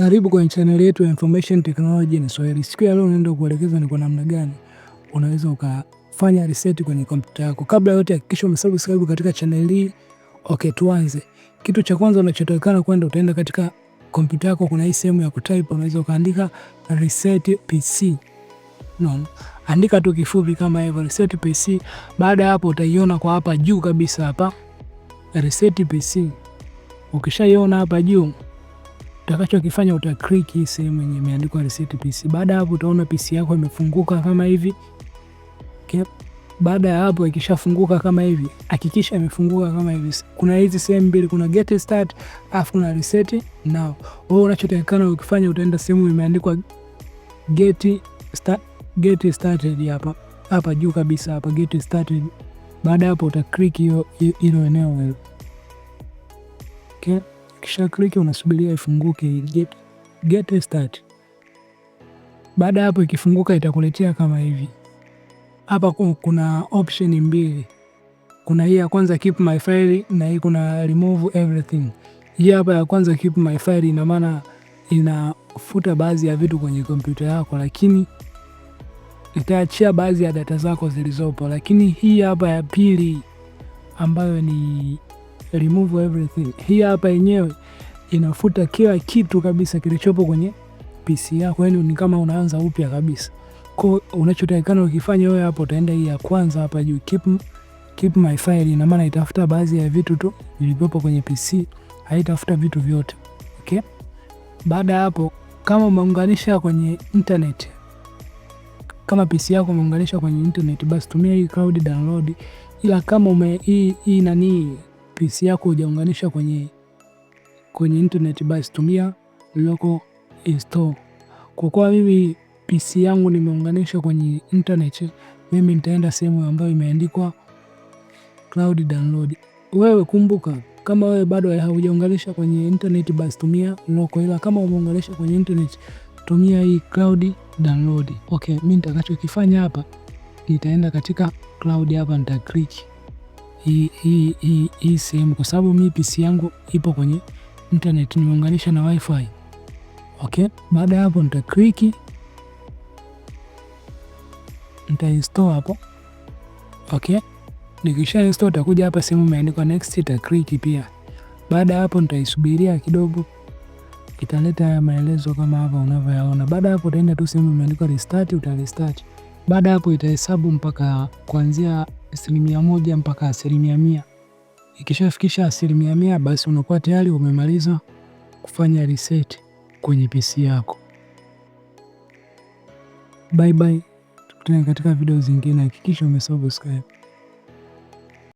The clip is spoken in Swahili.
Karibu kwenye chaneli yetu ya Information Technology na Swahili. Siku ya leo naenda kuelekeza ni kwa namna gani unaweza ukafanya reset kwenye kompyuta yako. Kabla yote hakikisha umesubscribe katika chaneli hii. Okay, tuanze. Kitu cha kwanza unachotakikana kwenda, utaenda katika kompyuta yako, kuna hii sehemu ya kutype, unaweza ukaandika reset PC. No, andika tu kifupi kama hivyo reset PC. Baada ya hapo utaiona kwa hapa juu kabisa hapa reset PC. Ukishaiona hapa juu utakachokifanya utakliki sehemu yenye imeandikwa reset PC. Baada ya hapo utaona PC yako imefunguka kama hivi. Baada ya hapo ikishafunguka kama hivi, hakikisha imefunguka kama hivi. Kuna hizi sehemu mbili, kuna get start alafu kuna reset now. Wewe unachotakikana ukifanya, utaenda sehemu imeandikwa get start, get started hapa hapa juu kabisa hapa get started. Baada ya hapo utaklik hiyo hilo eneo hilo, okay. Kisha kliki unasubiria ifunguke get, get start. Baada hapo ikifunguka itakuletea kama hivi hapa. Kuna option mbili, kuna hii ya kwanza keep my file na hii kuna remove everything. Hii hapa ya kwanza keep my file, ina maana inafuta baadhi ya vitu kwenye kompyuta yako, lakini itaachia baadhi ya data zako zilizopo. Lakini hii hapa ya pili ambayo ni remove everything. Hii hapa yenyewe inafuta kila kitu kabisa kilichopo kwenye PC yako, yani ni kama unaanza upya kabisa. Kwa unachotakikana ukifanya wewe hapo, utaenda hii ya kwanza hapa juu, keep keep my file, ina maana itafuta baadhi ya vitu tu vilivyopo kwenye PC, haitafuta vitu vyote okay. Baada ya hapo, kama umeunganisha kwenye internet kama PC yako umeunganisha kwenye internet, basi tumia hii cloud download, ila kama ume hii hii nani PC yako hujaunganisha kwenye, kwenye internet, basi tumia liloko install. Kwa kuwa mimi PC yangu nimeunganisha kwenye internet, mimi nitaenda sehemu ambayo imeandikwa cloud download. Wewe kumbuka, kama wewe bado haujaunganisha kwenye internet, basi tumia loko, ila kama umeunganisha kwenye internet tumia hii cloud download. Okay, mimi nitakachokifanya hapa, nitaenda katika cloud hapa, nita click hii hii hii sehemu, kwa sababu mimi PC yangu ipo kwenye internet, nimeunganisha na wifi. Okay, baada ya hapo nita click nita install hapo. Okay, nikisha install takuja hapa sehemu imeandikwa next, nita click pia. Baada ya hapo nitaisubiria kidogo, italeta haya maelezo kama hapa unavyoyaona. Baada ya hapo utaenda tu sehemu imeandikwa restart, uta restart. Baada ya hapo itahesabu mpaka kuanzia asilimia moja mpaka asilimia mia. Ikishafikisha asilimia mia, basi unakuwa tayari umemaliza kufanya reset kwenye PC yako. Bye bye, tukutane katika video zingine. Hakikisha umesubscribe.